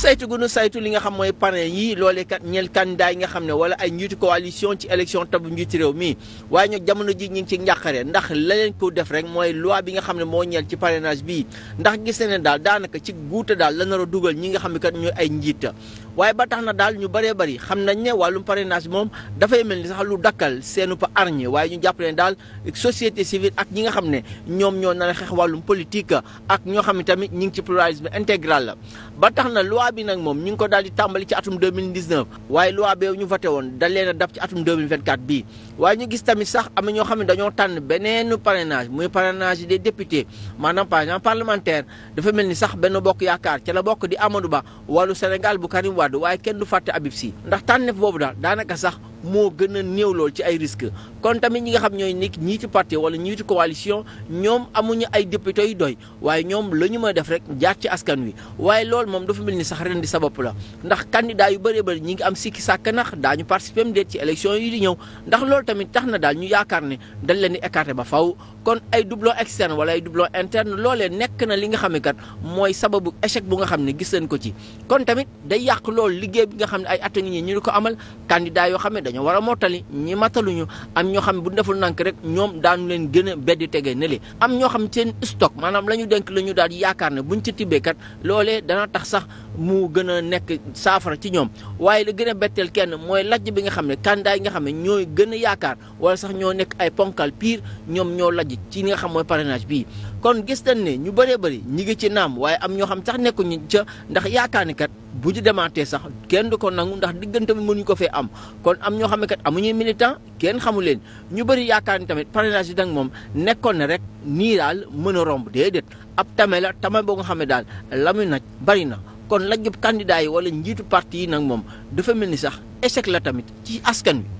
saytu gu nu saytu li nga xam mooy parrain yi loolee kat ñeel yi nga xam ne wala ay njiitu coalition ci élection tabu njiitu réew mi waaye ñoom jamono ji ñu ngi ci njàqare ndax la leen ko def rek mooy loi bi nga xam ne moo ñeel ci parrainage bi ndax gis ne daal daanaka ci guuta daal la nar a dugal ñi nga xam ne kat ñooy ay njiita waaye ba tax na daal ñu bëree bëri xam nañ ne wàllum parrainage moom dafay mel ni sax lu dakkal seenu pa arñe waaye ñu jàpp daal société civile ak ñi nga xam ne ñoom ñoo na a xeex wàllum politique ak ñoo xam ne tamit ñi ngi ci pluralisme integral la ba tax na loi bi nag moom ñu ngi ko daal di tàmbali ci atum 2019 waaye loi bi ñu voté woon da leen a dab ci atum 2024 bii waaye ñu gis tamit sax am na ñoo xam ne dañoo tànn beneenu parrainage muy parrainage des députés maanaam parrainage parlementaire dafa mel ni sax benn bokk yaakaar ca la bokk di Amadou Ba wàllu Sénégal bu Karim Wade Wade waaye kenn du fàtte Habib si ndax tànneef boobu daa daanaka sax moo gën a néew lool ci ay risques kon tamit ñi nga xam ñooy nekk ñii ci parti wala ñii ci coalition ñoom amuñu ay député yu doy waaye ñoom la ñu mën a def rek jaar ci askan wi waaye loolu moom dafa mel ni sax ren di sabab la ndax candidat yu bëree bëri ñi ngi am sikki sàkk nax daañu participer mu deet ci élection yi di ñëw ndax loolu tamit tax na daal ñu yaakaar ne dañ leen di écarter ba faw kon ay doublon externe wala ay doublon interne loolee nekk na li nga xam ne mooy sababu échec bu nga xam ne gis nañ ko ci kon tamit day yàq loolu liggéey bi nga xam ne ay at ñu ko amal candidat yoo xam dañoo war a mottali ñi mattaluñu am ñoo xam ne bu deful nank rek ñoom daanu leen gën a beddi tegee ne li am ñoo xam seen stock maanaam lañu ñu denk la ñu daal yaakaar ne buñ ci tibbee kat loolee dana tax sax mu gën a nekk saafara ci ñoom waaye la gën a betteel kenn mooy lajj bi nga xam ne candidat yi nga xam ne ñooy gën yaakaar wala sax ñoo nekk ay ponkal pire ñoom ñoo lajj ci li nga xam mooy parrainage bii kon gis nañ ne ñu bëree bëri ñi ngi ci naam waaye am ñoo xam sax nekkuñu ca ndax yaakaar bu ñu demaatee sax kenn du ko nangu ndax diggante bi mënuñu ko fee am kon am ñoo xam ne kat amuñuy militant kenn xamu leen ñu bëri yaakaar ni tamit parrainage yi dang moom nekkoon na rek nii daal mën a romb déedéet ab tame la tame boo nga xam ne daal la nag bari na kon lajjub candidat yi wala njiitu parti yi nag moom dafa mel ni sax échec la tamit ci askan wi.